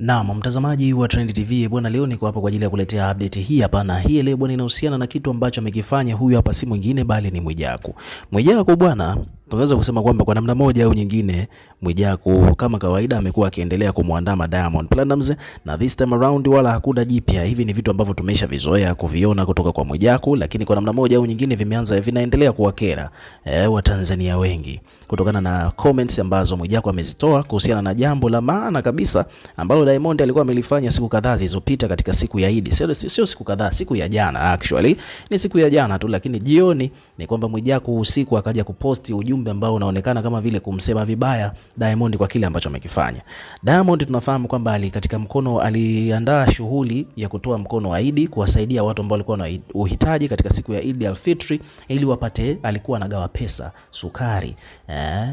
Naam, mtazamaji wa Trend TV bwana, leo niko hapa kwa ajili ya kuletea update hii hapa, na hii leo bwana inahusiana na kitu ambacho amekifanya huyu hapa, si mwingine bali ni Mwijaku. Mwijaku bwana tunaweza kusema kwamba kwa namna moja au nyingine Mwijaku kama kawaida amekuwa akiendelea kumwandama Diamond Platnumz, na this time around wala hakuna jipya. Hivi ni vitu ambavyo tumesha vizoea kuviona kutoka kwa Mwijaku, lakini kwa namna moja au nyingine vimeanza vinaendelea kuwakera e, eh, Watanzania wengi kutokana na comments ambazo Mwijaku amezitoa kuhusiana na jambo la maana kabisa ambalo Diamond alikuwa amelifanya siku kadhaa zilizopita katika siku ya Eid. sio sio siku kadhaa, siku ya jana actually, ni siku ya jana tu, lakini jioni ni kwamba Mwijaku usiku akaja kuposti ujumbe ujumbe ambao unaonekana kama vile kumsema vibaya Diamond kwa kile ambacho amekifanya. Diamond tunafahamu kwamba ali katika mkono aliandaa shughuli ya kutoa mkono wa Idi kuwasaidia watu ambao walikuwa na uhitaji katika siku ya Idi al-Fitri ili wapate, alikuwa anagawa pesa, sukari, eh,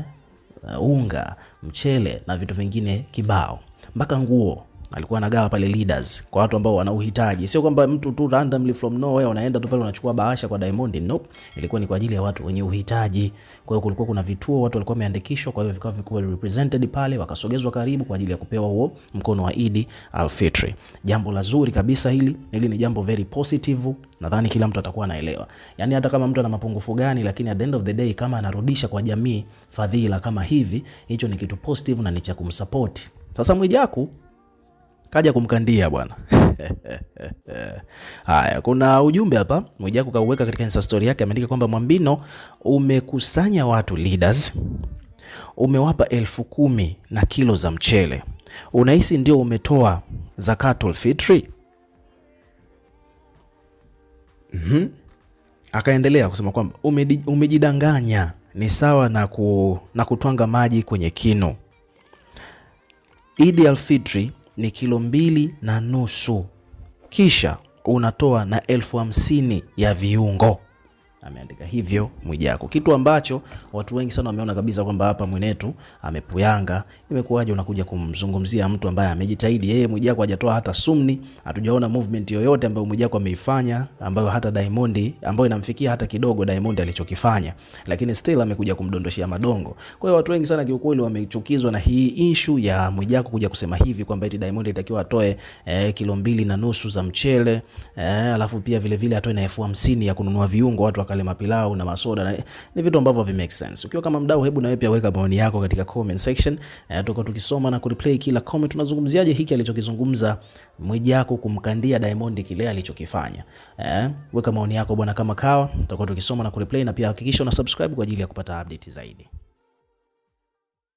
unga, mchele na vitu vingine kibao mpaka nguo alikuwa anagawa pale leaders kwa watu ambao wana uhitaji, sio kwamba mtu tu randomly from nowhere unaenda tu pale unachukua bahasha kwa Diamond. No, ilikuwa ni kwa ajili ya watu wenye uhitaji. Kwa hiyo kulikuwa kuna vituo watu walikuwa wameandikishwa, kwa hiyo vikao vikuwa represented pale, wakasogezwa karibu kwa ajili ya kupewa huo mkono wa Eid al-Fitr. Jambo la zuri kabisa hili, hili ni jambo very positive, nadhani kila mtu atakuwa anaelewa. Yani hata kama mtu ana mapungufu gani, lakini at the end of the day kama anarudisha kwa jamii fadhila kama hivi, hicho ni kitu positive na ni cha kumsupport. Sasa Mwijaku kaja kumkandia bwana. Haya, kuna ujumbe hapa Mwijaku kauweka katika Insta story yake, ameandika kwamba Mwambino umekusanya watu leaders, umewapa elfu kumi na kilo za mchele, unahisi ndio umetoa zakatul fitri? mm -hmm. Akaendelea kusema kwamba umejidanganya, ni sawa na, ku, na kutwanga maji kwenye kinu. Idi alfitri ni kilo mbili na nusu, kisha unatoa na elfu hamsini ya viungo ameandika hivyo Mwijaku, kitu ambacho watu wengi sana wameona kabisa kwamba hapa mwenetu amepuyanga. Imekuwaje unakuja kumzungumzia mtu ambaye amejitahidi yeye? Mwijaku hajatoa hata sumni, hatujaona movement yoyote ambayo Mwijaku ameifanya ambayo hata Diamond ambayo inamfikia hata kidogo Diamond alichokifanya, lakini still amekuja kumdondoshia madongo. Kwa hiyo watu wengi sana kiukweli wamechukizwa na hii issue ya Mwijaku kuja kusema hivi kwamba eti Diamond itakiwa atoe eh, kilo mbili na nusu za mchele eh, alafu pia vile vile atoe na elfu hamsini ya kununua viungo watu waka yale mapilau na masoda na, ni vitu ambavyo vi make sense. Ukiwa kama mdau, hebu na wewe pia weka maoni yako katika comment section, eh, tuko tukisoma na kureplay kila comment. Tunazungumziaje hiki alichokizungumza Mwijaku kumkandia Diamond kile alichokifanya? Eh, weka maoni yako bwana, kama kawa, tuko tukisoma na kureplay, na pia hakikisha una subscribe kwa ajili ya kupata update zaidi.